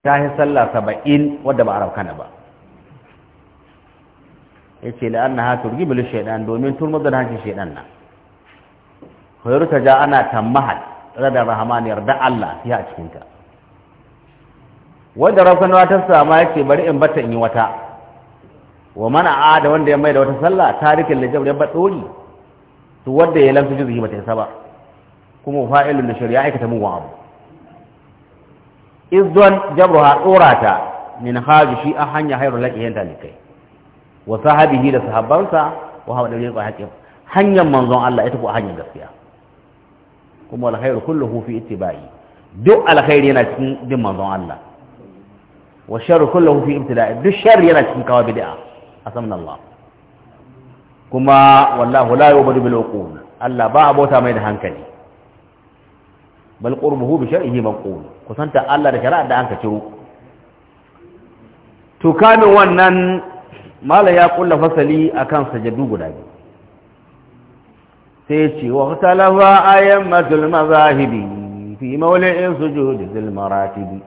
ta yi sallah saba'in wadda ba a na ba ya ce la'an na hatur gibilin shaidan domin turmar da hankin shaidan na hoyar ta ja ana tammahal radar rahaman yarda Allah ya a cikinta wadda raukana ta sama ya ce bari in bata in yi wata wa mana a da wanda ya mai da wata sallah tarikin lajab ya baɗori to wadda ya lamta juzuhi bata isa ba kuma fa'ilun da shari'a aikata mugun abu izdon jabruha ɗorata min haji shi a hanya hairu laƙihin talikai wa sahabihi da sahabbansa wa hawa ɗaure ba haƙƙin hanyar manzon Allah ita ko hanyar gaskiya kuma alkhairu kulluhu fi ittiba'i duk alkhairi yana cikin bin manzon Allah wa sharru kulluhu fi ibtida'i duk sharri yana cikin kawa bid'a saman Allah kuma wallahu la yubadu bil uqul Allah ba abota mai da hankali bal qurbuhu bi shar'ihi manqul kusanta Allah da shari'ar da an ka ciro to kamin wannan mala ya kulla fasali akan sajadu guda biyu sai ce wa talafa ayyan matul mazahibi fi mawli'in sujudi zil maratibi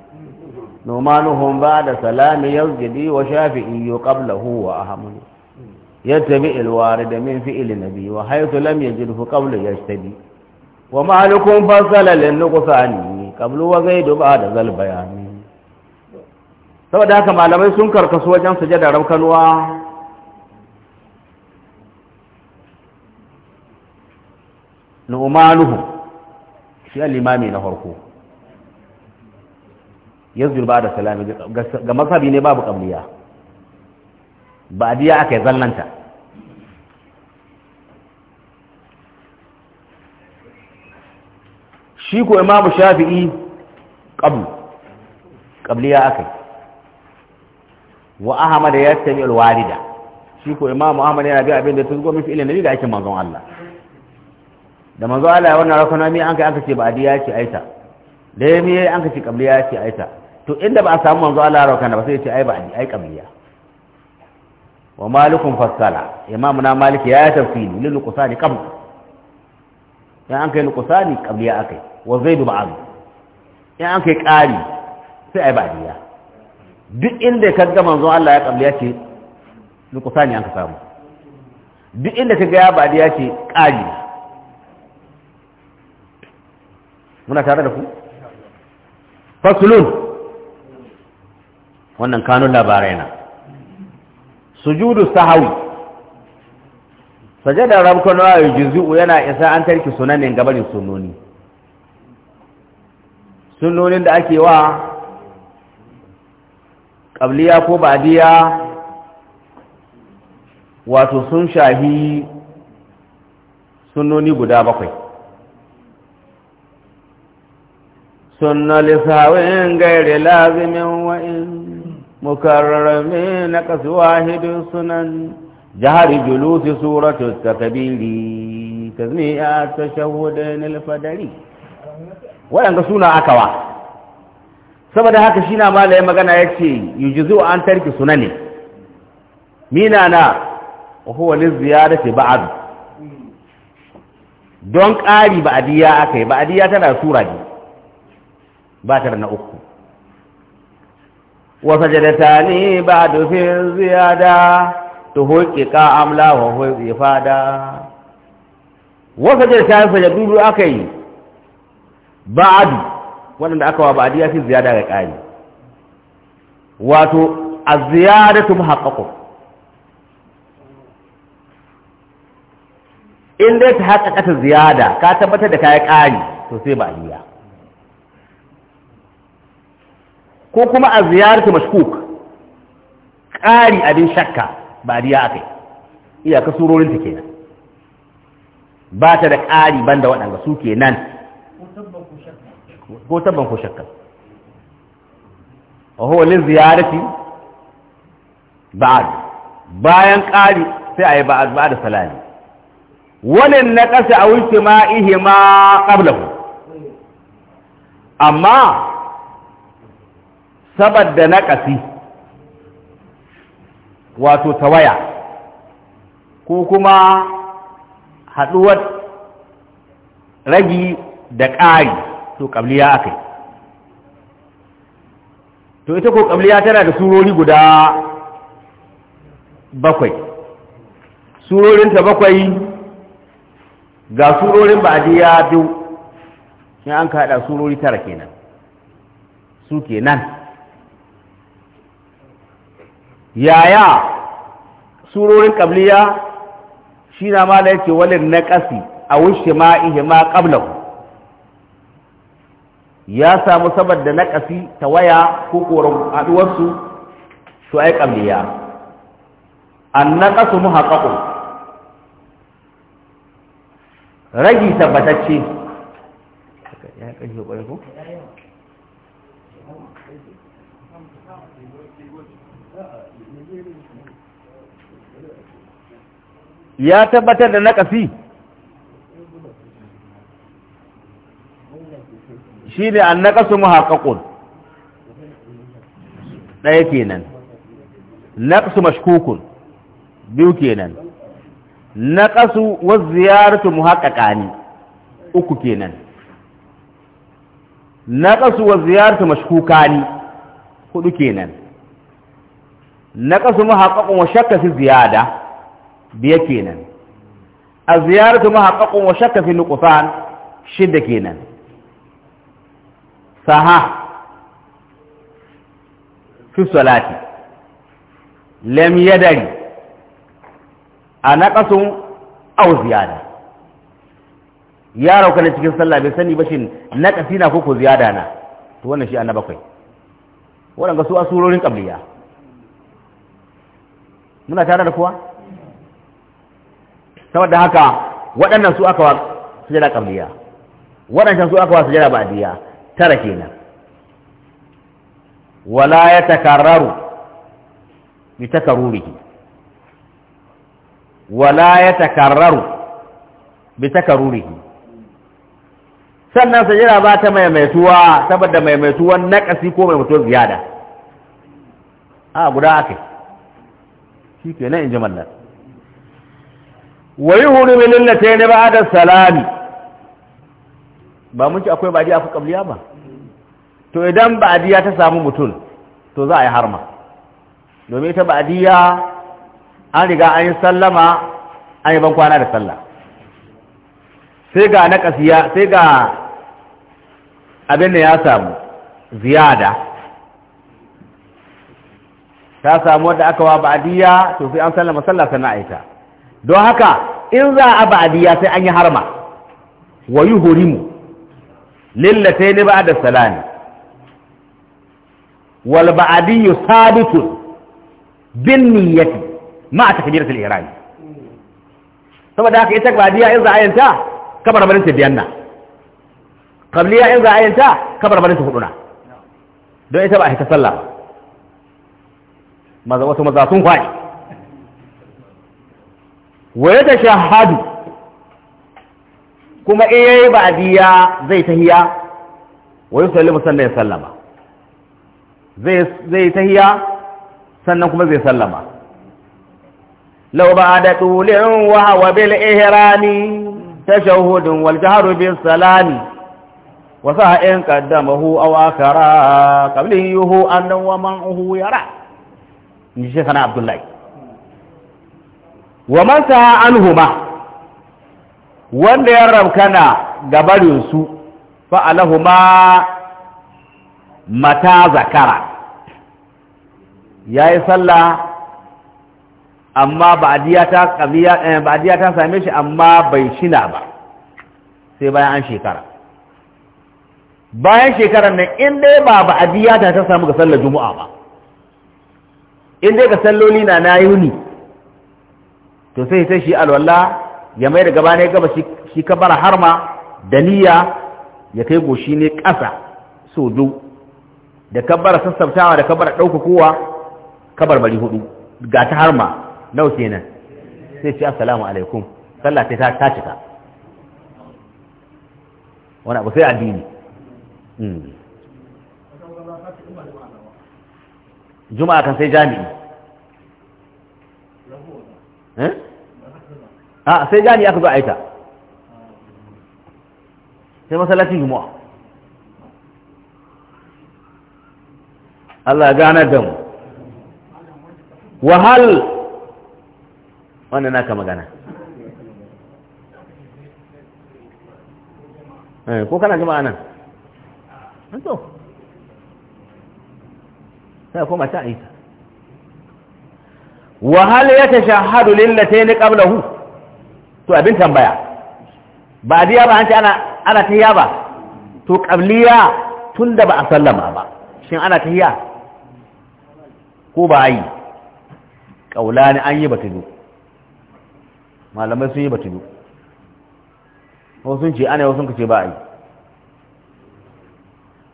numanuhum ba'da salami yazjidi wa shafi'i qablahu wa ahmadu يتبع الوارد من فئل النبي وحيث لم يجده قبل يجتدي ومالك فصل للنقصان kablu wa duba da zal bayani saboda haka malamai sun karkasu wajen sujada raukanuwa umaruhu shi al limami na farko ya ba da salami ga masabi ne babu kabliya ba biya aka yi zallanta shi ko imamu shafi'i qabl qabliya akai wa ahmad ya tani alwarida shi ko imamu ahmad yana bi abin da tuzgo mafi fi'ilin nabi da ake manzon Allah da manzon Allah ya wannan rakunami an kai an ce ba adiya ce aita da ya miye an kace qabliya ce aita to inda ba a samu manzon Allah rakana ba sai ya ce ai ba ai qabliya wa malikun fassala imamu na maliki ya tafsiri lil qusani qabl ya an kai qusani qabliya akai wa zaidu ma'azu in an kai ƙari sai a yi ba'diya duk inda ka ga manzon Allah ya kabli ya ce nukusani an ka samu duk inda ka ga ya ba'diya ce ƙari muna tare da ku fasulun wannan kanun labarai na sujudu sahawi sajadar rabkon wa jizu'u yana isa an tarki sunanin gabarin sunoni sunnonin da ake wa ƙabliya ko badiya wato sun shahi sunnoni guda bakwai sunna lisawin gairi lazimin wa'in mukarrami na kasuwa hidin sunan jihar julusi suratu takabiri tazmiya ta shahudin alfadari waɗanda suna akawa saboda haka shi na malaye magana ya ce yi zuwa an tarki suna ne mina na huwalin ziyara ce ba'adu don ƙari adiya aka yi adiya tana sura ne ba ta na uku wasa jadata ne ba da fi ziyada ta hulƙiƙa amla wa hulƙi fada wasa jadata ne sajadu aka yi ba'adu waɗanda aka wa ba'adi ya fi ziyada ga ƙari wato a ziyadatu muhaqqaqu in dai ta haƙaƙata ta ziyada ka tabbatar da kayan ƙari to sai ba aliya ko kuma a ziyarta mashkuk ƙari abin shakka ba aliya aka yi iyaka surorin ta kenan ba ta da ƙari banda waɗanda su kenan ko tabban ko shakka wa huwa ziyarati ba'd bayan ƙari sai ayi ba'd ba'd salati wannan ƙasa a wuce ma qablahu amma saboda ƙasi wato tawaya ko kuma haduwar ragi da ƙari to aka yi, to ita ko kabliya tana da surori guda bakwai surorin ta bakwai ga surorin ya biyu in an ka surori tara kenan su kenan yaya surorin kabliya shi na ma da yake walin ƙasi a wushe ma ihe ma qablahu ya samu saboda nakasi ta waya ko koran haɗuwarsu su ai kamliya annaqasu muhaqqaqun ragi tabbatacce haƙaƙo ragi tabbatacce ya tabbatar da nakasi shi ne an su muhaƙaƙun ɗaya kenan su mashkukun biyu kenan su wasu ziyartu muhaƙaƙa ne uku kenan su wasu ziyartu mashkuka ne hudu kenan su muhaƙaƙun wa shakka su ziyada biya kenan a ziyartu muhaƙaƙun wa shakka fi nuƙusan shidda kenan saha fi salati lam yadari a naƙasun au ziyada ya rauka cikin sallah bai sani ba shi naƙasi na koko ziyada na to wannan shi annaba kai ga su asurorin qabliya? muna tare da kuwa saboda haka waɗannan su aka wa sujada qabliya waɗannan su aka wa sujada ba'diya tara kenan wala ya takarraru bi takarrurihi wala ya takarraru bi takarrurihi sannan sajira ba ta maimaituwa saboda maimaituwan nakasi ko maimaituwar ziyada a guda ake shi kenan in ji mallar wa yi huru min lillatai ne ba da salami ba mun ci akwai badiya akwai kabliya ba to idan ba'diya ta samu mutum to za a yi harma domin ita ba'diya an riga an yi sallama an yi ban kwana da sallah sai ga na kasiya sai ga abin da ya samu ziyada ta samu wadda aka wa ba'diya to sai an sallama sallah sannan aita don haka in za a ba'adiyya sai an yi harma wa hurimu lillatai ni ba da salami wal ba'adi yusabitun bin niyyati ma takbiratul ihram saboda haka ita ba'diya in za ayanta kabar barin ta biyanna qabliya in za ayanta kabar barin ta huduna don ita ba sallah maza sun shahadu kuma in yayi ba'diya zai tahiya wa yusallimu sannan ya sallama zai zai tahiya sannan kuma zai sallama law ba'da tulin wa wa bil ihrami tashahhud wal jahr bis salam wa sa'in qaddamahu aw akhara qablihi annahu wa ma'ahu yara ni sheikh ana abdullahi wa man sa'a anhumah wanda ya ramkana ga barinsu fa'alahu ma mata zakara ya yi sallah amma ba'adiyya eh, ta same shi amma bai shina ba sai bayan an shekara bayan shekarar nan in dai ba ba'adiyya ta ta samu ga sallar juma'a ba in dai ga salloli na na yuni to sai ta shi alwallah ya mai da gaba ne gaba shi kabara harma da niyya ya kai goshi ne ƙasa so biyu da kabara sassabtawa da kabara ɗaukakowa kabar bari hudu ga ta harma nau kenan sai ce assalamu alaikum sallah ta ta cika wani abu sai addini hmm. juma'a kan sai jami'i eh? a sai jani aka zo a ta sai masallacin juma'a Allah ya ganar da mu wahal wannan naka magana eh, ko kana jama'a nan to sai koma ta isa wahal ya tashahadu lillatayn qablahu to abin tambaya ba a ba an ce ana tahiya ba to tun da ba a sallama ba shin ana tahiya ko ba yi ne an yi ba batulu malamai sun yi ba batulu wasu sun ce ana wasu ce ba yi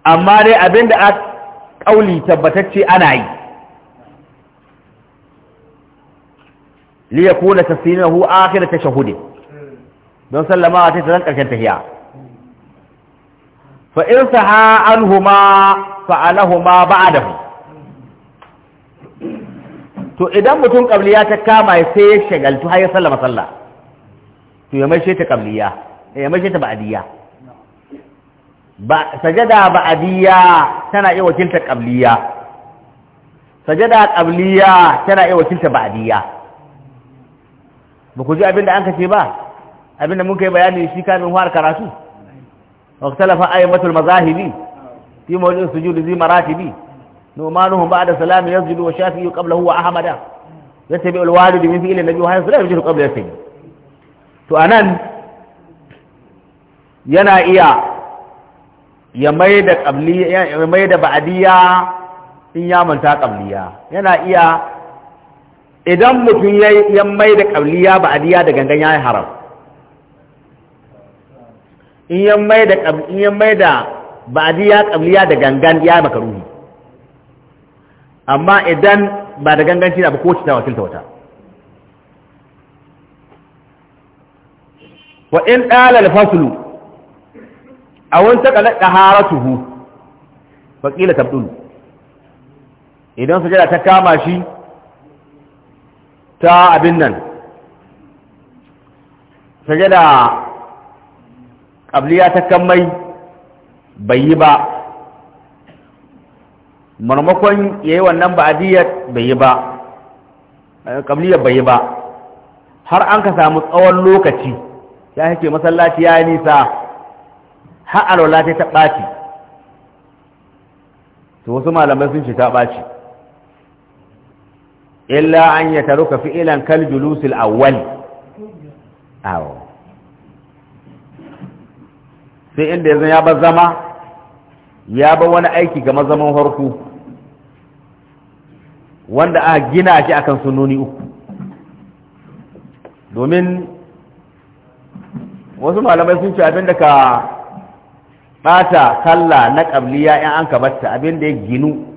amma dai abin da a ƙauli tabbatacce ana yi ليكون تسليمه آخر تشهده من سلم آتي تذنك الكنتهياء فإن سحى عنهما فعلهما بعده تو إذا متون قبليات كاما يسير شغل تو هاي سلم صلى تو يمشيت قبليا يمشيت بعديا سجدا بعديا سنة إيو تلت قبليا سجدا قبليا سنة إيو تلت بعديا ba ku ji abin da an kace ba abin da mun kai bayani shi kamin fara karatu wa ikhtalafa aymatul mazahibi fi mawdu'in sujud zi maratibi numanuhum ba'da salam yasjudu wa shafi'i qablahu wa ahmada yattabi al walid min fi'li nabi wa hayy yasjudu qabla yasjudu to anan yana iya ya mai da qabliya ya mai da ba'diya in ya manta qabliya yana iya idan mutum ya mai da ƙabliya ba adiya da gangan ya yi haram in ya mai da in mai da ba adiya ƙabliya da gangan ya yi makaruhi amma idan ba da ganganci da ba ko ta wakilta wata wa in faslu aw a wani qaharatuhu fa qila tabdul idan sujada ta kama shi ta abin nan da ƙabliya ta kammai bai yi ba marmakon ya yi wannan ba'adiyyar bai yi ba ƙabliyar bai yi ba har an ka samu tsawon lokaci ya hake masallaci ya yi nisa har alwala ta ɓaci to wasu malamai sun ce ta ɓaci illa an ya taruka fi'ilan kal julusil awwal awo sai inda yanzu ya bar zama ya bar wani aiki ga mazaman harku wanda a gina shi akan sunoni uku domin wasu malamai sun ce abinda ka bata kalla na ƙabliya in an ka abin abinda ya ginu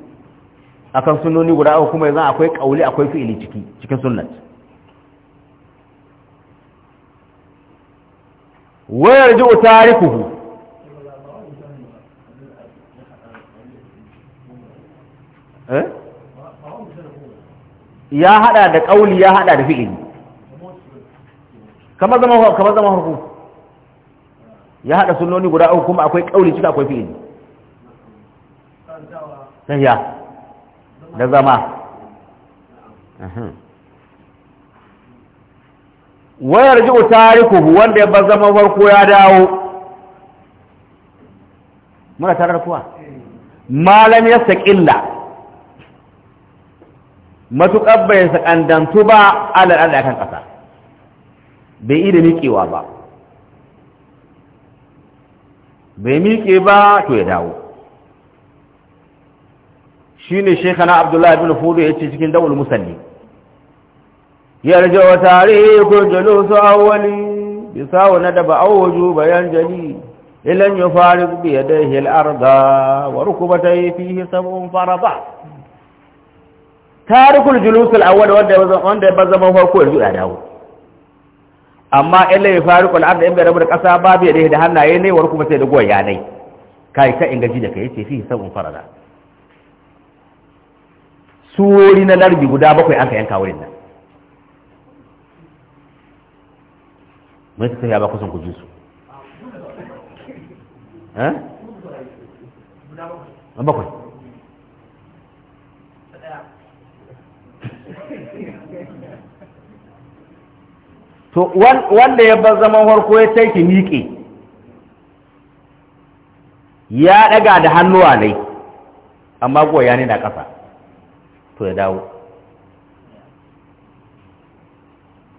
akan sunnoni guda uku kuma yanzu akwai kauli akwai fi'ili ciki cikin sunnat wa yarji'u tarikuhu eh? ya hada da kauli ya hada da fi'ili kamar zama kamar zama hukum ya hada sunnoni guda uku kuma akwai kauli ciki akwai fi'ili sai ya da zama wayar ji tarikuhu wanda ya bar zama farko ya dawo muna tarar kuwa malam ya saƙilla matuƙar bai saƙandantu ba alal akan ƙasa bai yi da miƙewa ba bai miƙe ba to ya dawo ne shekana abdullahi bin fudu ce cikin dawul musalli Yarje wa tarihu julusu awwali bisawu nadaba awju bayan jali ilan yufariq bi yadayhi hil arda wa ta yi sab'un farada tarikul julus al-awwal awali wanda ya bazama farko yanzu ya dawo amma yi fari kun arda in bai rabu da kasa ba ya da hannaye ne wa yi da goyaye ne kai ka ingaji da kai yace fihi fara ba suwori na larbi guda bakwai an ka yanka wurin nan mai ta tafiya ba kusan ku ji su eh? bakwai to wanda ya bar zaman farko ya taiki miƙe ya ɗaga da hannuwa ne amma goya ne na ƙasa to ya dawo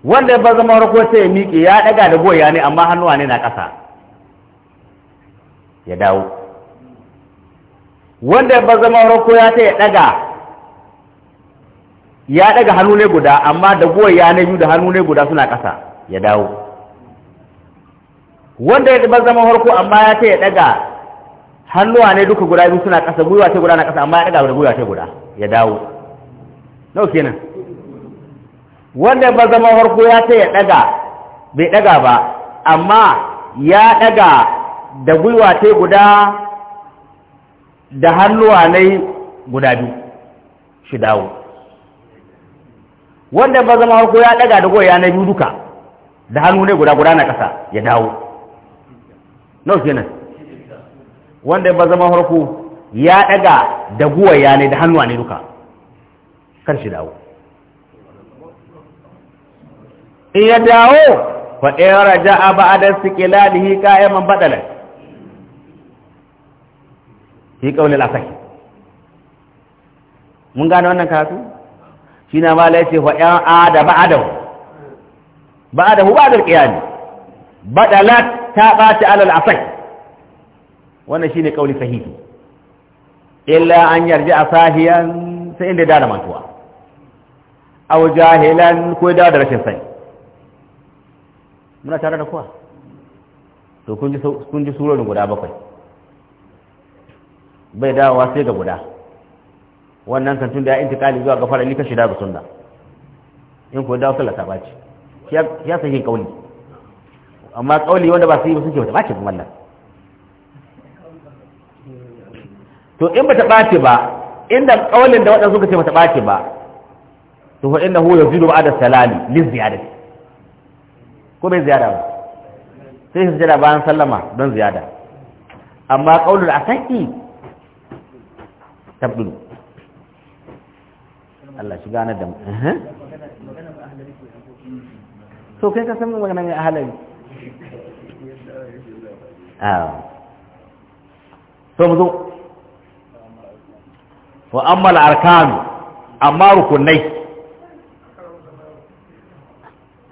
wanda ba zama rako sai ya miƙe ya ɗaga da goya ne amma hannuwa ne na ƙasa ya dawo wanda ya ba zama rako ya ta ya ɗaga ya ɗaga hannu ne guda amma da goya ne biyu da hannu ne guda suna ƙasa ya dawo wanda ya ba zama harko amma ya ta ya ɗaga hannuwa ne duka guda biyu suna ƙasa gwiwa ta guda na ƙasa amma ya ɗaga da gwiwa ta guda ya dawo nau kenan wanda ba zama harko ya ce ya daga bai daga ba amma ya daga da gwiwa ta guda da hannuwa yi guda biyu shi dawo wanda ba zama harko ya daga da goya na biyu duka da hannu ne guda guda na kasa ya dawo nau kenan wanda ba zama harko ya daga da guwa ya ne da hannuwa ne duka kar shi dawo in ya dawo fa in raja'a ba'da istiqlalihi qa'iman badala baɗala, qawli al-asahi mun gane wannan kasu shi na ma yace fa in ada ba'dahu ba'dahu ba'da ƙiya ne baɗala ta bata alal al-asahi wannan ne ƙaunar sahihi illa an a sahiyan sai inda da mantuwa aw jahilan ko da da rashin sani muna tare da kuwa to kun ji kun ji guda bakwai bai dawowa sai ga guda wannan kan tun da ya intikali zuwa ga farali shida da sunna in ko dawo sallah ba baci ya sahihin kauli amma kauli wanda ba su yi suke wata baci ba wannan to in ba ta ɓace ba inda kaulin da waɗansu suka ce ba ta ɓace ba to fa innahu yazidu ba'da salami li ziyadati ko bai ziyada ba sai sujjada bayan sallama don ziyada amma qaulul asaki tabdul Allah shi gane da so kai ka san magana mai ahalari ah to mu zo wa amma al-arkan amma rukunai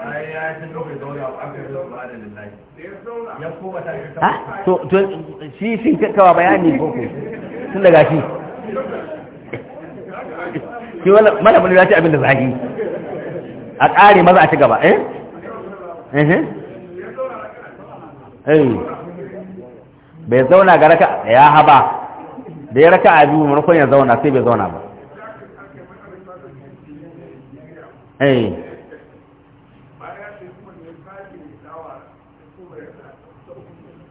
ha to shi shi kawa bayani ko tun daga shi shi wala malamin ya ce abin da zahi a ƙare maza a ci gaba eh eh eh, eh. bai zauna ga raka ya haba bai raka a biyu maimakon ya zauna sai bai zauna ba eh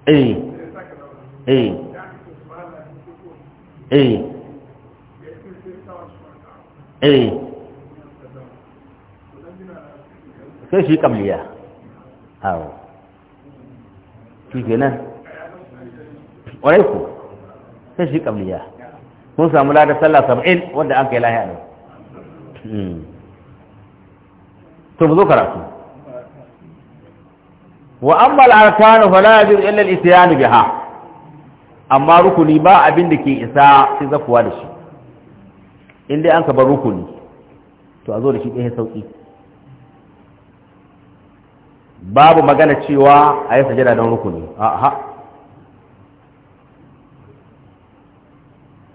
eh eh eh eh sai shi kamliya hau shi kenan ƙwarai ku sai shi kamliya mun samu ladar sallah saba'in wanda an kai lahiya ne hmm. to mu zo karatu wa ammal arkanu fala yajuz illa al-isyan biha amma rukuni ba abin da ke isa sai zakuwa da shi in dai an ka bar rukuni to a zo da shi ɗaya sauki babu magana cewa a yi sajada don rukuni a'a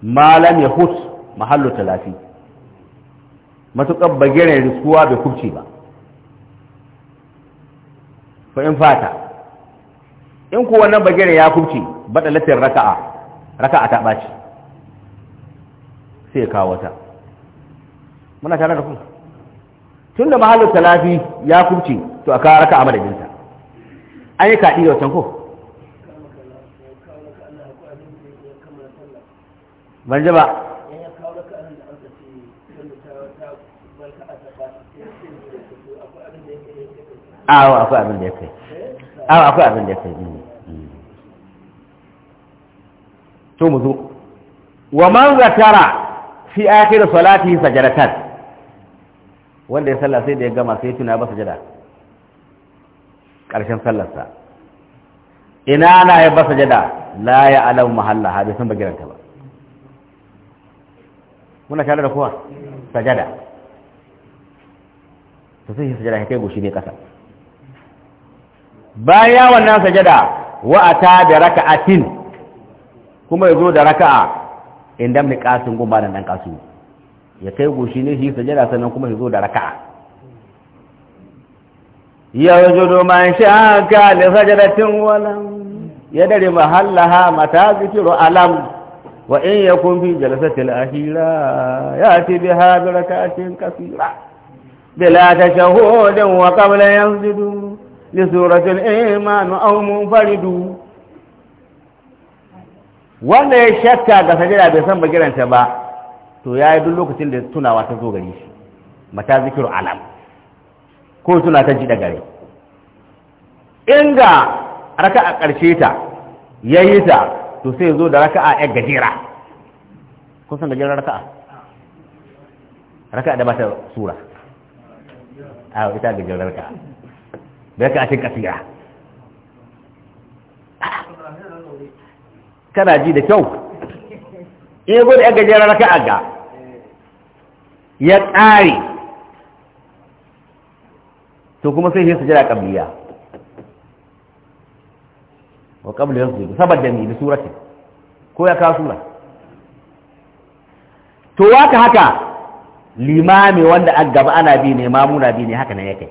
malam ya hut mahallu talafi matuƙar bagiren riskuwa bai kubce ba fa in fata in ku wannan bagire ya kubce badalatin raka'a raka'a ta baci sai kawo wata muna tare da ku tunda mahallu talafi ya kubce to aka raka'a madadin ta an yi kaɗi da ko ban ji ba awa akwai abin da ya kai awa akwai abin da ya kai mm, mm. to mu zo wa man zakara fi akhir salati sajadatan wanda ya salla sai da ya gama sai tuna ba sajada karshen sallarsa ina na ya ba sajada la ya alam mahalla ha san bagiran ta ba muna tare da kowa sajada to sai sajada ya kai goshi ne kasa baya wannan sajada wa ata da raka'atin kuma yazo da raka'a inda mai kasin goma da nan kasu ya kai goshi ne shi sajada sannan kuma yazo da raka'a ya yajudu man shaka li sajadatin walam ya dare mahallaha mata zikiru alam wa in yakun fi jalasatil akhira yati biha bi raka'atin kasira bila tashahudin wa qabla yanzidu lisuratul imanu aw munfaridu wanda ya shakka ga sajada bai san bagiranta ba to ya yi duk lokacin da tunawa ta zo gare shi mata zikiru alam ko suna ta ji da gare inga raka a ƙarshe ta ya yi ta to sai zo da raka a yan gajera kusan gajeren raka raka da ba ta sura a ita gajerar raka cikin kasira kana ji da kyau in gudu ya gajeren raka'a ga ya tsari. to kuma sai shi sujada qabliya wa qabla yasjud saboda ni da surati ko ya kawo sura to waka haka limami wanda an gaba ana bi ne mamuna bi ne haka ne yake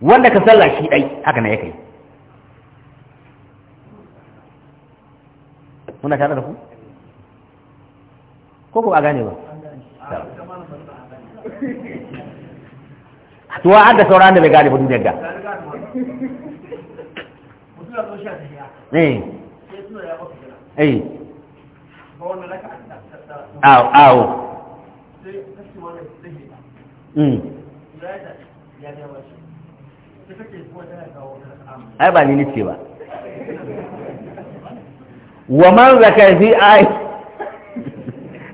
wanda ka sallah shi dai haka ne yake muna tare da ku ko ko a gane ba to wa da sauran da bai gane ba duniyar ga eh eh awo awo ai ba ni nace ba wa man zakar fi ai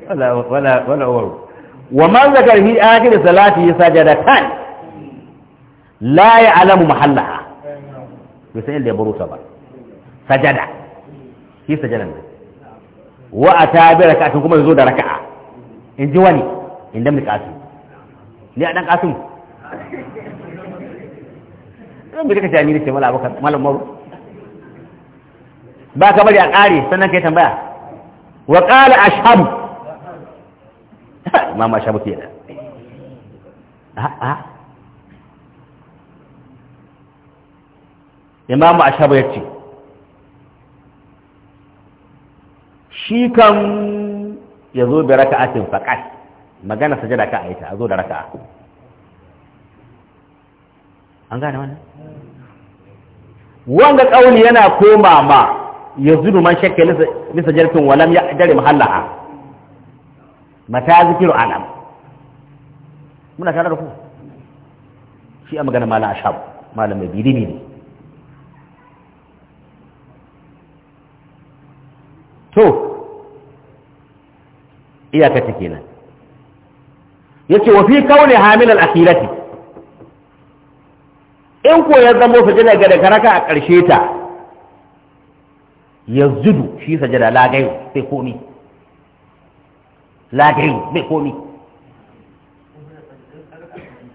wala wala wala wa man zakar fi akhir salati kan la ya'lamu mahallaha bisa inda ya buru ba sajada shi sajada ne wa atabi rak'atun kuma zo da raka'a in ji wani in da mu kasu ni a dan kasu don bai kaka jami'in ce mala abokan malam mawu ba ka bari a ƙare sannan ka yi tambaya wa ƙala shabu ma ma shabu fiye da a'a a shabu ya ce shi kan ya zo da raka'atin faƙas magana sajada ka a yi ta a zo da raka'a an gane wannan wanga kauli yana koma ma yazuru man shakka lisa jalkin walam ya dare mahallaha mata zikiru alam muna tare da ku shi a magana malam ashab malam mai bidimi ne to iyakata kenan yace wa fi kauli hamil al-akhirati in ko ya zamo sajada ga daga raka a ƙarshe ta ya zudu shi sajada lagayu bai komi lagayu bai komi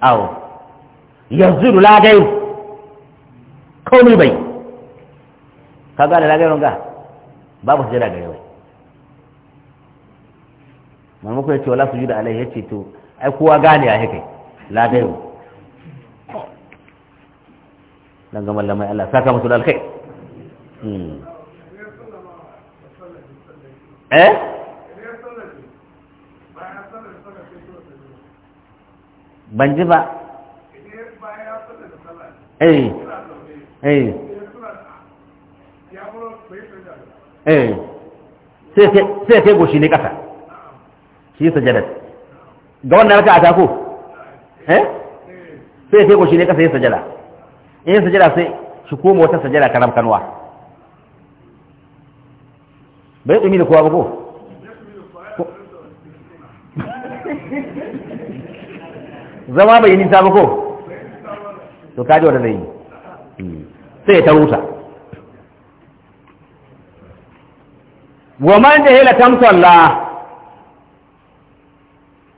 awo ya zudu lagayu komi bai ka gane lagayu ga babu sajada ga yawai maimako ya ce wala su yi da alayyar ya ce to ai kowa gane ya haka lagayu dan ga mallamai Allah saka musu da hmm. eh ban ji ba eh eh eh sai sai goshi ne kasa shi sajada ga wannan raka a taku? eh sai sai goshi ne kasa ya sajada in sajada sai shi koma wata sajada karam kanwa bai tsumi da kowa ba ko zama bai yi nisa ba ko to kaji wata zai yi hmm. sai ya ruta wa man hila tamsalla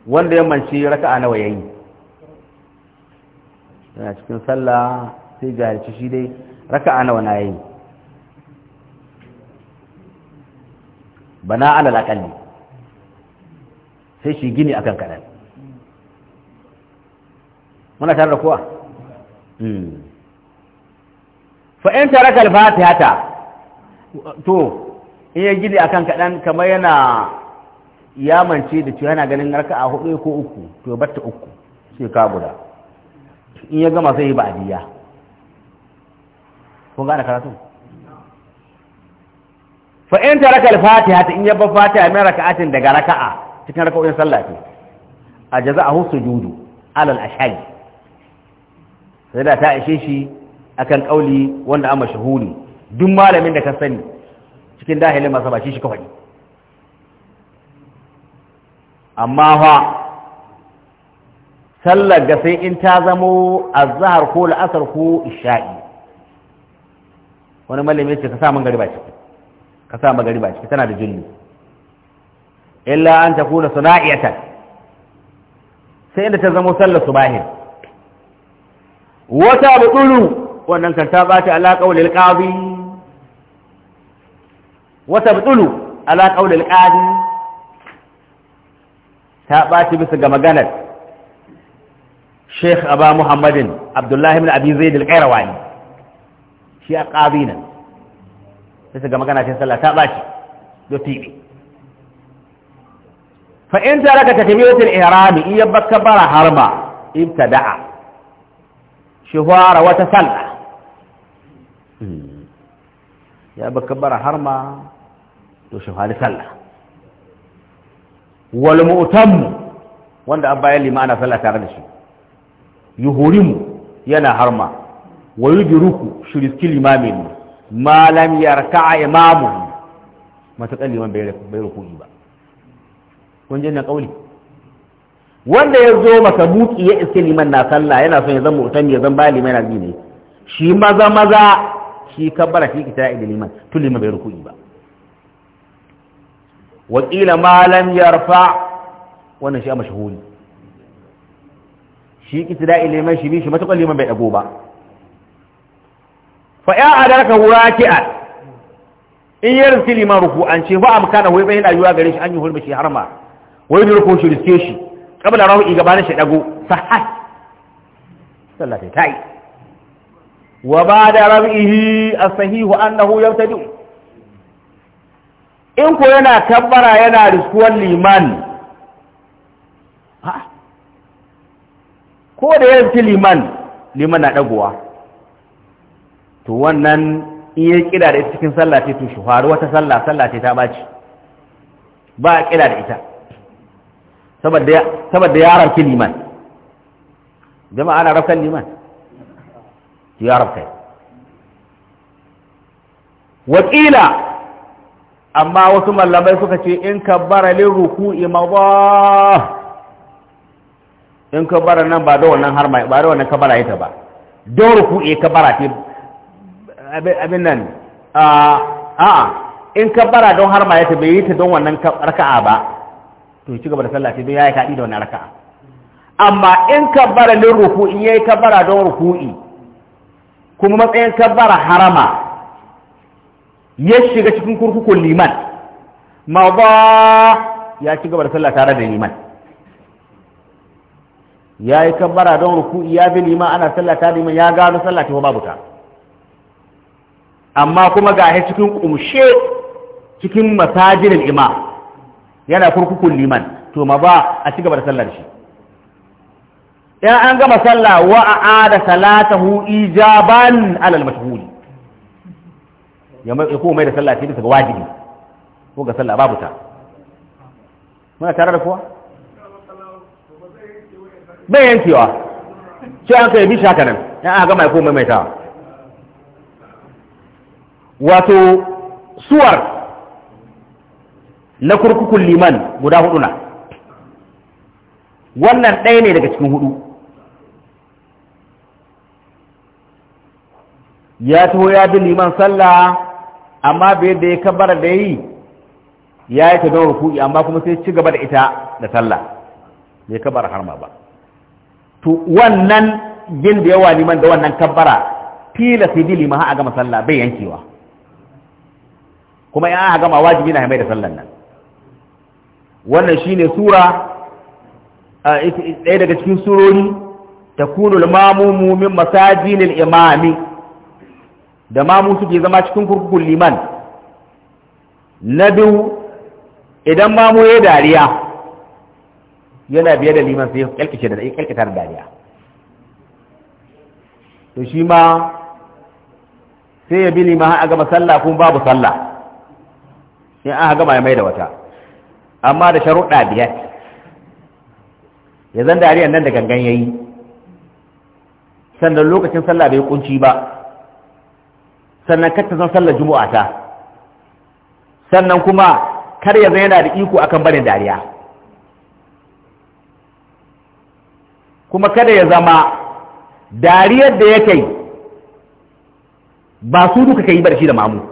wanda ya manci raka'a nawa yayi yana cikin sallah sai jahilci shi dai raka ana na nayi bana ala akalli sai shi gini akan kaɗan muna tare da kowa hmm. fa'in taraka ta to in ya gini akan kaɗan kamar yana yamance da cewa yana ganin raka a hudu ko uku to batta uku sai ka guda in ya gama sai yi ba'adiyya kun gane karatu fa in taraka al-fatiha ta in yabba fatiha min raka'atin daga raka'a cikin raka'o'in sallah ce a jaza'ahu sujudu ala al-ashhari sai da ta ishe shi akan kauli wanda amma shahuri duk malamin da ka sani cikin dahilin masa bashi shi ka kawai amma fa sallar ga sai in ta zamo azhar ko la'asar ko isha'i wani malami ce ka sa man ba ciki ka sa gari ba ciki tana da julli illa an ta kuna sana'iyatan sai inda ta zama sallar subahin wata abu wannan kan ta bata ala qaulil qadi wata abu ala qaulil qadi ta bata bisa ga maganar Sheikh Aba Muhammadin Abdullahi ibn Abi Zaid al-Qayrawani shi a ƙabi nan sai su ga magana ta sallah ta ɓaci da tibi fa in taraka takbiratul ihrami in yabba kabara harma ibtada'a shi fara wata sallah hmm. ya ba bara harma to shi fara sallah wal mu'tam wanda an bayan limana sallah tare da shi yuhurimu yana harma wa yudruku shiriski limamin ma lam yarka imamu matakan liman bai ruku'i ba kun ji kauli wanda ya zo maka buki ya iske liman na sallah yana son ya zama mutum ya zama bayan liman yana ne shi maza maza shi kabbara shi kita da liman tun liman bai ruku'i ba wakila ma lam wannan shi a shi da liman shi shi bai dago ba fa ya adaraka raki'an in ya ma ruku an ce a amkana wai bayin ayuwa gare shi an yi hulmi shi harma wai da ruku shi riske shi kabla rawi gabanin shi dago sahai sallah ta yi wa ba'da rawihi a sahihu annahu yabtadi in ko yana tabbara yana riskuwan liman ko da ya rizki liman liman na dagowa to wannan in ya kira da ita cikin sallah ce to shi faru wata sallah sallah ce ta baci ba a kira da ita saboda ya rarki liman jama'a ana rafkan liman ya rafkai wakila amma wasu mallamai suka ce in kabbara lin ruku'i madha in kabbara nan ba da wannan har ba da wannan kabbara ita ba don ka kabbara ta. abin nan a'a in ka bara don har ma ya bai yi ta don wannan raka'a ba to ci gaba da sallah sai ya yi kadi da wannan raka'a amma in ka bara lin ruku'i yayi bara don ruku'i kuma matsayin ka bara harama ya shiga cikin kurkukun liman ba ya ci gaba da sallah tare da liman Ya yi kabbara don ruku'i ya bi liman ana sallah tare da liman ya gano sallah ta babu ta amma kuma ga ya cikin kumshe cikin masajinin imam yana kurkukun liman to ma ba a ci gaba da sallar shi Ya an gama sallah wa a'ada salatahu ijaban alal mashhuli ya mai ko mai da sallah ce bisa ga wajibi ko ga sallah babu ta muna tare da kowa bayan yankewa sai an kai bi shaka ya an gama ko mai mai ta wato suwar na kurkukun liman guda hudu na wannan ɗaya ne daga cikin hudu ya taho ya bi liman sallah amma bai da ya kabara da yi ya yi ta don kuɗi, amma kuma sai ci gaba da ita da sallah bai kabara harma ba to wannan yin da yawa liman da wannan kabbara sai bi liman a gama sallah bai yankewa kuma in an gama wajibi na mai da sallan nan wannan shine sura ɗaya daga cikin surori ta kunu mamumu min masajinil imami da mamu suke zama cikin kurkukun liman na biyu idan mamu ya dariya yana biye da liman sai kyalkice da kyalkita da dariya to shi ma sai ya bi liman a gama sallah kuma babu sallah in aka gama ya mai da wata amma da sharuɗa biyar ya zan dariyar nan da gangan ya yi sannan lokacin sallah bai kunci ba sannan kacce ta zan sallar juma'a ta sannan kuma kar ya zai yana da iko akan barin dariya kuma kada ya zama dariyar da ya kai ba su duka ka yi barci da mamu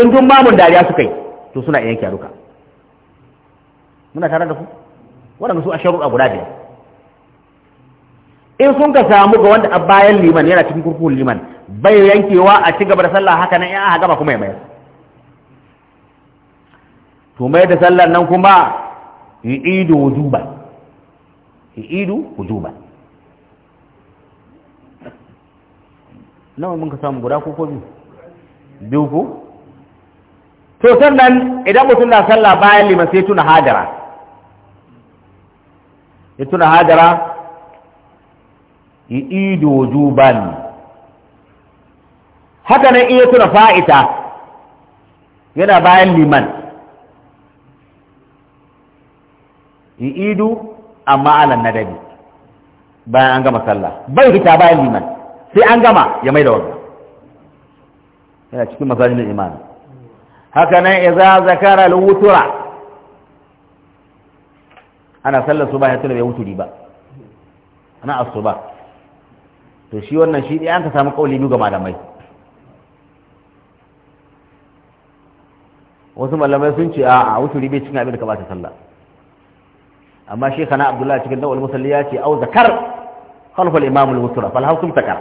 in dun mamun dariya suka yi to suna iya yanke duka muna tare da su waɗanda su a a guda biyar in sun ka samu ga wanda a bayan liman yana cikin kurkukun liman bai yankewa a ci gaba da sallah haka nan in aka gaba kuma ya mayar to mai da sallar nan kuma idu yi idu wujuba nawa mun ka samu guda ko ko biyu biyu ko to sannan idan mutum na sallah bayan liman sai tuna hadara ya tuna hadara ya ido juban haka nan iya tuna fa'ita yana bayan liman ya ido amma alan nadabi bayan an gama sallah bai fita bayan liman sai an gama ya mai da wannan yana cikin masajin iman haka nan iza zakara al-wutura ana sallar suba ya tuna bai wuturi ba ana asuba to shi wannan shi dai an ka samu kauli biyu ga malamai wasu malamai sun ce a wuturi bai cikin abin da ka bata sallah amma shekana abdullahi cikin dawal musalli ya ce au zakar khalfal imam al-wutura fal hawsum takar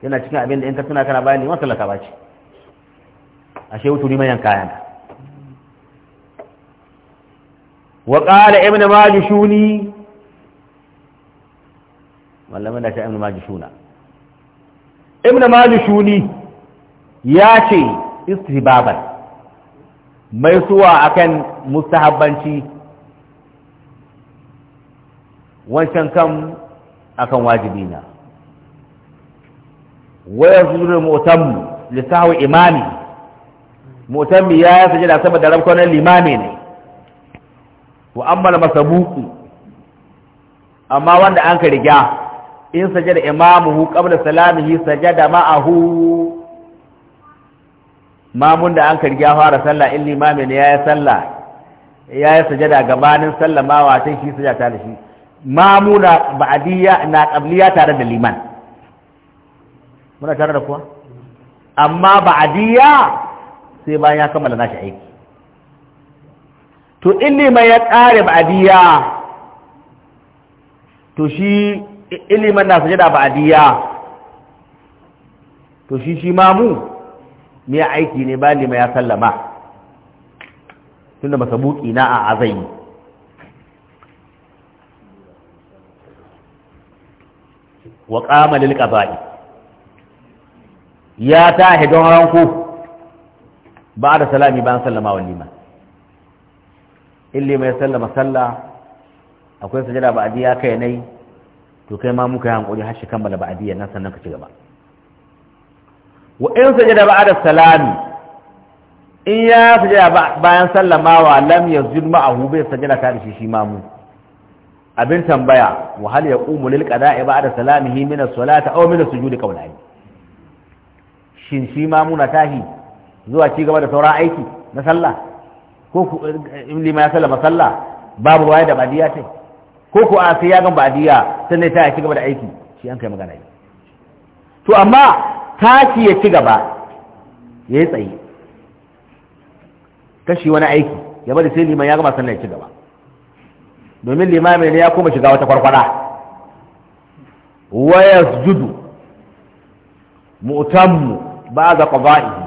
yana cikin abin da in ka tuna kana bayani wannan sallah ka bace ashe ni manyan kayan wa qala ibn majishuni wallahi da ta ibn Shuna. ibn Shuni ya ce istihbaban mai suwa akan mustahabbanci wancan kan akan wajibi na waya zuru mu'tam li sahwi imani. mutammi ya sujada da rabkonan limami ne wa ammal masabuku amma wanda an ka riga in sajada imamuhu qabla salamihi sajada ma'ahu mamun da an ka riga fara sallah in limami ne yayi sallah yayi da gabanin sallamawa ta shi sajada ta da shi mamuna ba'diyya na qabliya tare da liman muna tare da kuwa amma ba'diyya sai bayan ya kammala nashi aiki to ilimin ya ƙare ba'adiyya to shi ilimin na sujada ba'adiyya to shi shi mamu mai aiki ne ba lima ya sallama tunda masabuki na a azai wa ƙamalil ƙaba'i ya tahi don ranku ba da salami bayan sallama wa liman in liman ya sallama sallah akwai sajada ba'adiyya kai nai to kai ma muka yi hankuri har shi kammala ba'adiyya nan sannan ka ci gaba wa in sajada ba'da salami in ya sajada bayan sallamawa lam yazjud ma'ahu bai sajada ta dashi shi mamu abin tambaya wa hal yaqumu lil qada'i ba'da salamihi min as-salati aw min as-sujudi qawlani shin shi mamu na tahi zuwa ci gaba da sauran aiki na sallah ko in lima ya sallama sallah babu waya da badiya ce ko ko a sai ya gan badiya sannan ta ci gaba da aiki shi an kai magana ne to amma ci ya ci gaba ya yi tsaye kashi wani aiki ya bari sai liman ya gama sannan ya ci gaba domin limamin ne ya koma shiga wata kwarkwada waya judu mu'tammu ba za qada'i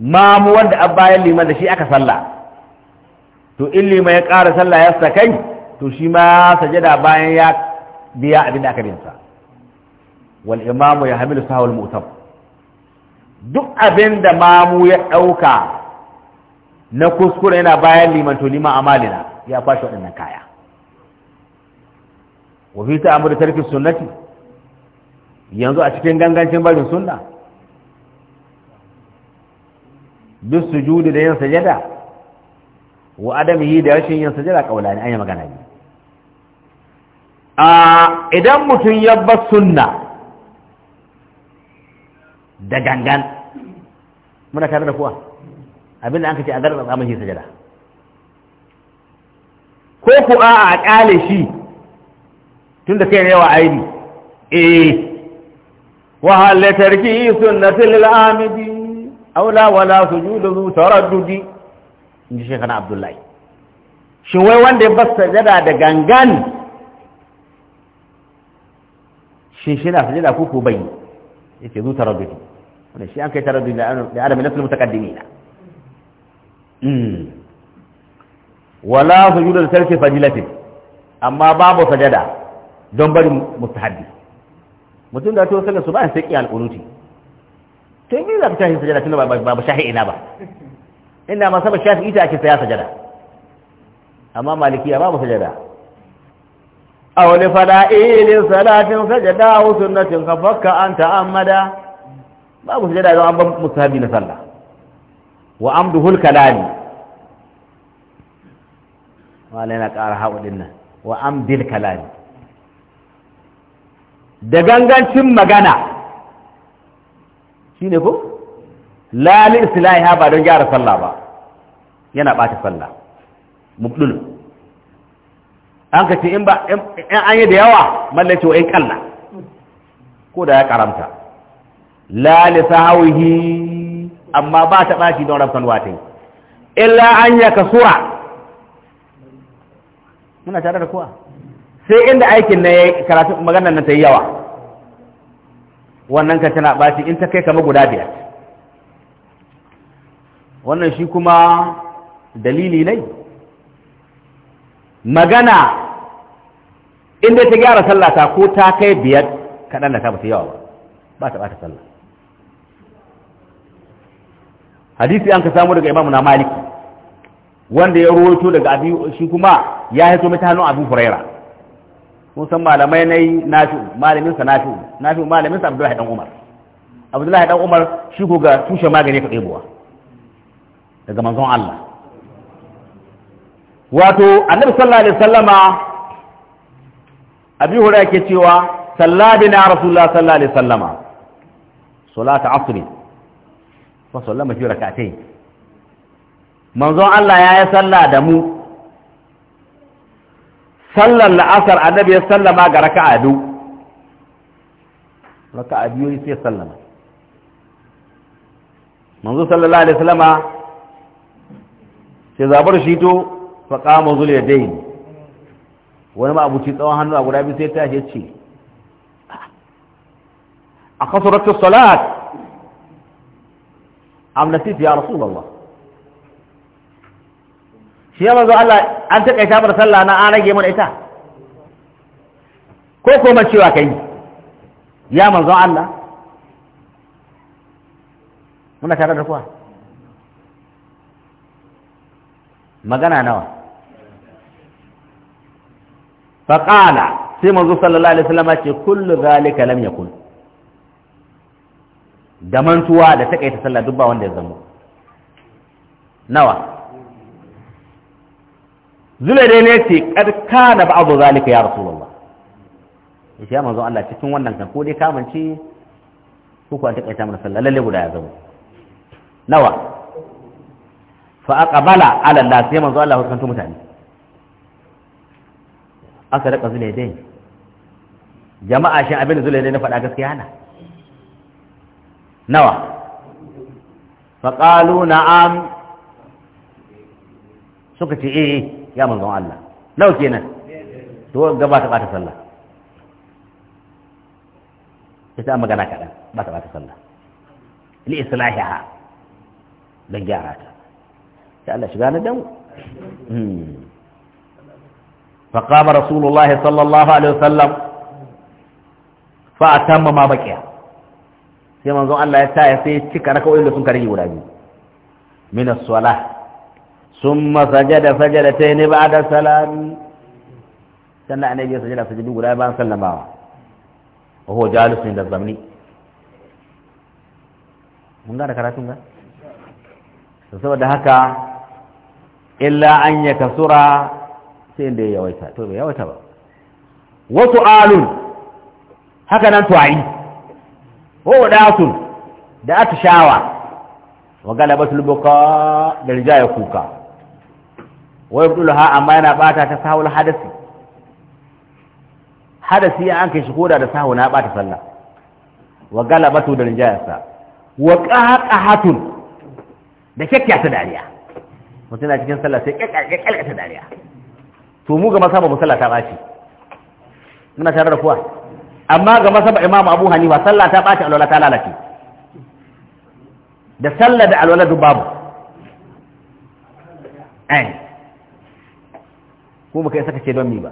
mamu wanda an bayan liman da shi aka sallah to in liman ya ƙara sallah ya sakai to shi ma sajada bayan ya biya abin da aka binsa wal imamu ya hamilu sahawar mutum duk abin da mamu ya ɗauka na kuskure yana bayan liman to liman amalina ya fashi waɗannan kaya wa fi ta amur tarki sunnati yanzu a cikin gangancin barin sunna Bisu sujudi da yin sajada wa yi da rashin yin sajada kaula ne anya magana ne a idan mutum ya bar sunna da gangan muna tare da kuwa abinda an kace a garba tsamin shi sajada ko ku a a kale shi tun da kai ne wa aini eh wa halatarki sunnatul amidi aula wala sujudu taraddudi inji shekana abdullahi shi wai wanda ya bar sajada da gangan shi shi na sajada kuku bai yake zu taraddudi wanda shi an kai taraddudi da adamin nasu na, wala sujudu tarki fadilatin amma babu sajada don bari mustahabbi mutum da to su ba sai qiyal qunuti to in za ku tashi sajada tunda ba ba shahi ina ba inda ma saboda shafi ita ake saya sajada amma malikiya ba babu sajada a wani fada'ilin salatin sajada wa sunnatin ka fakka an ta'ammada ba babu sajada don an ban musabi na sallah wa amduhul kalami wala yana ƙara haɗin nan wa amdil kalami da gangancin magana ne ko lalin silahi ba don gyara sallah ba yana ɓata sallah mubdul an ka ce in ba in an yi da yawa mallace wa in kalla ko da ya karamta lalin sahawihi amma ba ta baci don rafsan watin illa an ya kasura muna tare da kowa sai inda aikin na ya karatu maganar nan ta yi yawa wannan ka tana ɓaci in ta kai kama guda biyar wannan shi kuma dalili ne magana inda ta gyara sallata ko ta kai biyar kaɗan da ta bata yawa ba ba ta ɓata sallah hadisi an ka samu daga imamu na maliki wanda ya ruwaito daga abu shi kuma ya hito mata hannun abu furaira. Kun san malamai na yi nafi'u malamin sa nafi'u nafi'u malamin sa abdullahi dan umar abdullahi dan umar shi ko ga tushe magani ka ɗebowa daga manzon Allah wato annabi sallallahu alaihi wasallama abi hurairah ke cewa sallabina rasulullah sallallahu alaihi wasallama salata asr fa sallama fi rak'atayn manzon Allah ya yi sallah da mu sallar la'asar annabi ya sallama ga raka'a biyu raka'a biyu sai sallama manzo sallallahu alaihi wasallama sai zabar shi to fa qama zul yadayn wani ma abuci tsawon hannu a guda biyu sai ta ce a kasuratu salat amnasit ya rasulullah shi ya manzo Allah an taƙaita bar sallah na an rage mana ita ko kuma cewa kai ya manzo Allah muna tare da kuwa magana nawa qala sai manzo sallallahu alaihi wasallam ce kullu zalika lam yakun da mantuwa da takaita sallah duk ba wanda ya zama nawa dai-dai ne ce karka na Abu zalika ya rasulullah ya ce ya Allah cikin wannan kan ko dai kamance ko kuwa ta kaita mana sallah lalle guda ya zama nawa fa aqbala ala Allah sai manzo Allah hukunta mutane aka rika zulai dai jama'a shin abin da dai na faɗa gaskiya na nawa fa qalu na'am suka ce eh, eh. ya manzon Allah nawa kenan to gaba ta bata sallah ita magana kaɗan ba ta bata sallah li islahiha don gyara ta ya Allah shiga na dan فقام رسول الله صلى الله عليه وسلم فأتم ما بقي sai manzon Allah ya sa ya sai cika raka oyin da sun karye guda biyu min sun masaje da sajada ta ne ba da salami sannan annabi ya sajada sajadu guda bayan sallamawa wa huwa jalisun da zamni mun gane karatun ga saboda haka illa an ya kasura sai inda ya yawaita to bai yawaita ba wasu alun haka nan tuwayi ko wadatun da atishawa wa galabatul buka da rijaya kuka wa laha amma yana bata ta sahul hadasi hadasi ya an kai shi koda da sahu na bata sallah wa galabatu da rinjayarsa wa qahqahatun da kyakkyata dariya mutum na cikin sallah sai ta dariya to mu ga masaba mu sallah ta baci muna tare da kuwa amma ga masaba imam abu hanifa sallah ta baci alwala ta lalace da sallah da alwala babu eh ko baka yi saka ce don mi ba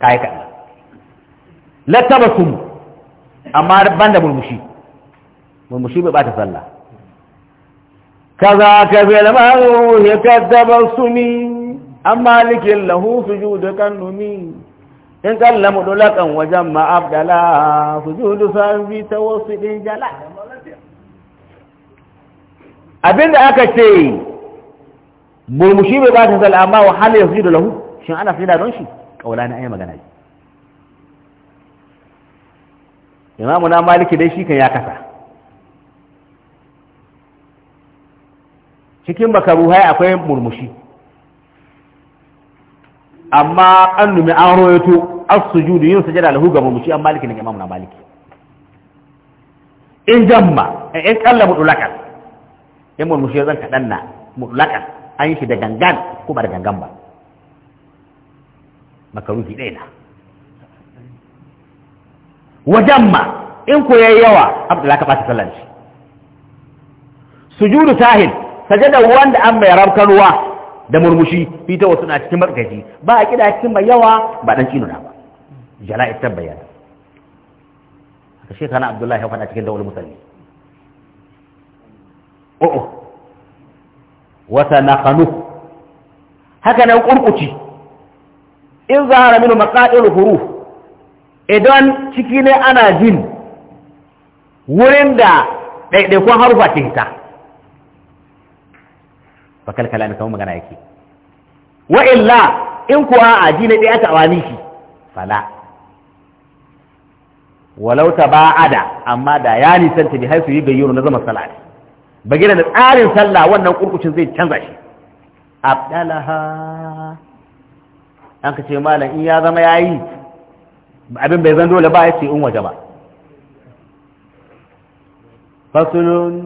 ka yi kaɗa lattaba amma ban da murmushi murmushi bai bata sallah kaza ka bai lamarin ya kadaba suni amma likin lahu su kan numi in kallamu mu dulakan wajen ma su sujudu san bi ta wasu jala abinda aka ce murmushi bai ba ta zala amma wa hal da lahu shin ana sujada don shi kaulani ayi magana shi imamu na maliki dai shi kan ya kasa cikin makaruhai akwai murmushi amma an nume an royato an sujudu yin sujada lahu ga murmushi an maliki ne imamu na maliki in jamma in kalla mutulakan in murmushi zan kaɗan na mutulakan an shi da gangan ko ba da gangan ba makaruhi ɗaya na wajen ma in ko yayi yawa abdullahi ka ɓata sallan shi sujudu sahil sajada wanda an mai da murmushi fita wasu na cikin matsaji ba a kida cikin mai yawa ba dan cinuna ba jala'i ta bayyana shekana abdullahi ya faɗa cikin dawul musalli o'o oh, oh. wata na kanu haka nan ƙurƙuci in zahara minu matsaɗin huruf idan ciki ne ana jin wurin da ɗaiɗaikun harufa ta hita ba kalkala ne kamar magana yake wa illa in kuwa a ji na ɗaya ta awani shi fala walau ta amma da ya nisan ta bi haifu yi bayyano na zama salati bagina da tsarin sallah wannan kurkucin zai canza shi abdalaha an ka ce malam in ya zama yayi abin bai zan dole ba ya ce in waje ba fasulun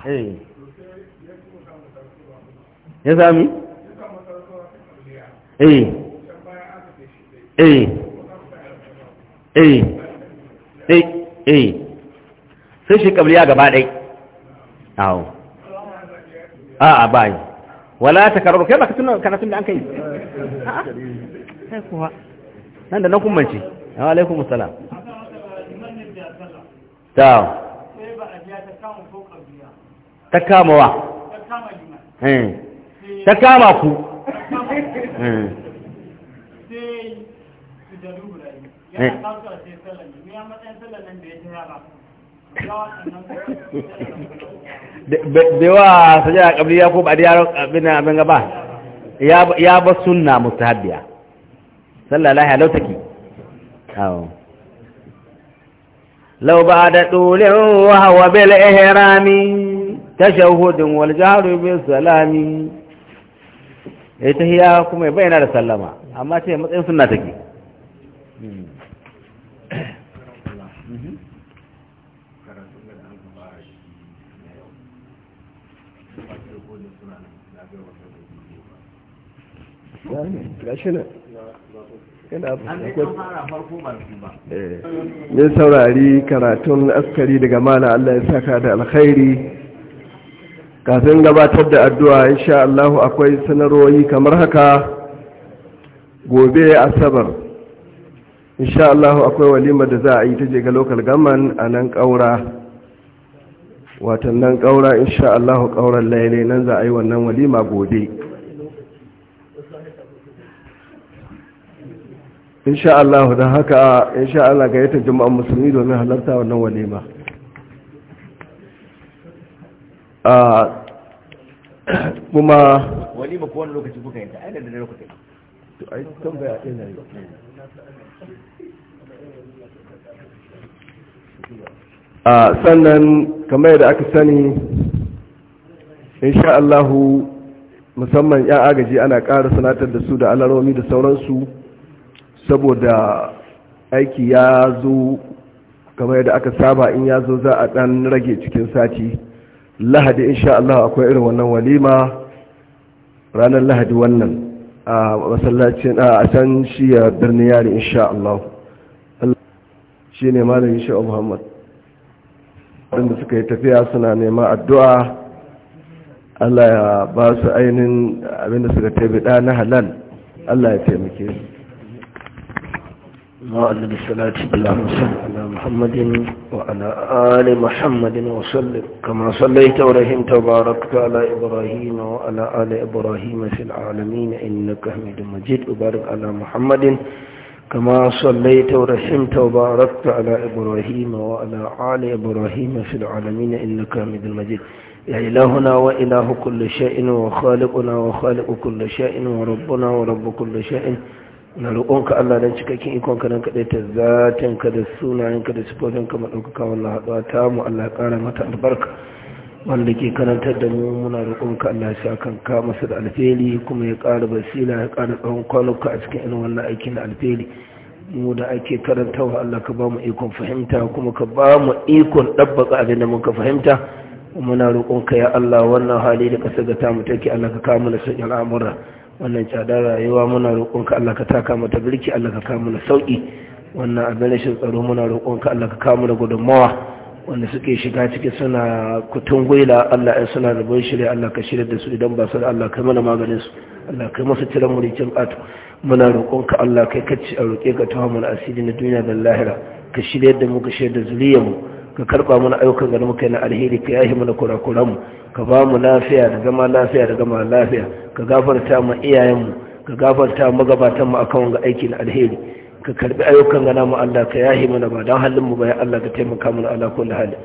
Hey. ya sami? Eh. eh eh eh eh sai shi kabliya gaba ɗai awo a a bayi wala ta karo kai baka tunan karatun da an kai kuwa nan da na kummanci wa alaikum salam ta ta kama wa ta kama liman eh. ta kama ku sai eh. sajada a ƙabli ya ya ba da abin abin ya ba sunna sallalahi alautaki لو بعد طول وهو بالإهرام تشهد والجهر بالسلام ya tahiya kuma ya bayyana da sallama amma ce matsayin sunna take Min eh. saurari karatun askari daga mana Allah ya saka da alkhairi kafin gabatar da addu'a insha Allah akwai sanarwoyi kamar haka gobe asabar insha Allah akwai walima da za a yi ta je ga local gaman a nan ƙaura watan nan ƙaura insha Allah ƙauran laile nan za a yi wannan walima gobe insha Allah da haka insha Allah ga yata jama'an musulmi domin halarta wannan walima kuma wani ba kowane lokaci kuka yanta ainihin da lokacin to ɗaya na yau a sannan kamar yadda aka sani insha Allahu musamman ya agaji ana ƙara sanatar da su da alaromi da sauransu saboda aiki ya zo kamar da aka saba in ya zo za a ɗan rage cikin sati lahadi insha Allah akwai irin wannan walima ranar lahadi wannan a masallacin a can shi ya birnin yari insha Allah shi ne malam insha Muhammad wanda suka yi tafiya suna nema addu'a Allah ya ba su ainihin abinda suka tabi na halal Allah ya taimake su معلم الصلاة اللهم صل على محمد وعلى آل محمد وسلم كما صليت ورحمت وباركت على إبراهيم وعلى آل إبراهيم في العالمين إنك حميد مجيد وبارك على محمد كما صليت ورحمت وباركت على إبراهيم وعلى آل إبراهيم في العالمين إنك حميد مجيد يا إلهنا وإله كل شيء وخالقنا وخالق كل شيء وربنا ورب كل شيء na roƙonka Allah don cikakken ikonka don kaɗai ta ka da sunayenka da sifofinka maɗaukaka wani haɗuwa ta mu Allah ƙara mata albarka wanda ke karantar da mu muna roƙonka Allah shi akan ka masa da alfeli kuma ya ƙara basila ya ƙara tsawon kwanuka a cikin irin wannan aikin da alfeli mu da ake karantawa Allah ka ba mu ikon fahimta kuma ka ba mu ikon ɗabbaka abin da muka fahimta muna roƙonka ya Allah wannan hali da ƙasa ga mu take Allah ka kawo mana sauƙin al'amura wannan cadar rayuwa muna roƙonka Allah ka taka mata birki Allah ka kawo mana sauki wannan abin tsaro muna roƙonka Allah ka kawo mana gudunmawa wanda suke shiga ciki suna kutun gwaila Allah ya suna da bai shirya Allah ka shirya da su idan ba su da Allah kai mana maganin su Allah kai masa tiran murikin ƙato muna roƙonka Allah kai kacci a roƙe ka tawa mana asiri na duniya da lahira ka shirya da mu ka shirya da zuriyarmu mu ka karɓa mana ayyukan da muka yi na alheri ka yahi mana kurakuran mu ka ba mu lafiya da zama lafiya da gama lafiya ka gafarta mu iyayenmu ka gafarta mu gabatanmu a akan wanga aiki na alheri ka karbi ayyukan gana mu Allah ka yahi mana ba dan halin mu bai Allah ka taimaka mana ala kulli hali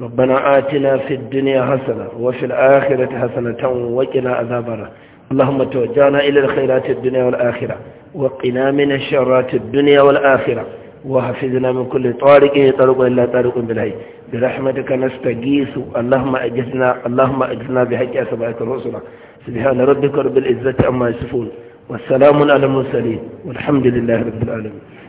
ربنا آتنا في الدنيا حسنة وفي الآخرة حسنة وقنا عذاب النار اللهم توجهنا إلى الخيرات الدنيا والآخرة وقنا من الشرات الدنيا والآخرة وحفظنا من كل طارق طرق إلا طارق بالهي برحمتك نستغيث اللهم أجزنا اللهم أجزنا بحج أسبعة الرسل سبحان ربك رب العزة عما يصفون والسلام على المرسلين والحمد لله رب العالمين